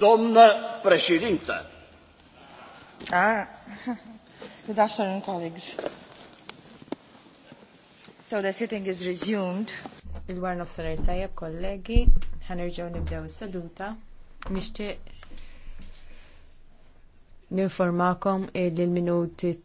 Domna Presidenta. Ah, good afternoon, colleagues. So the sitting is resumed. Il-war nofsenar tajab, kollegi, ħanerġaw nibdew s-saduta. Nishtiq ninformakom il-minuti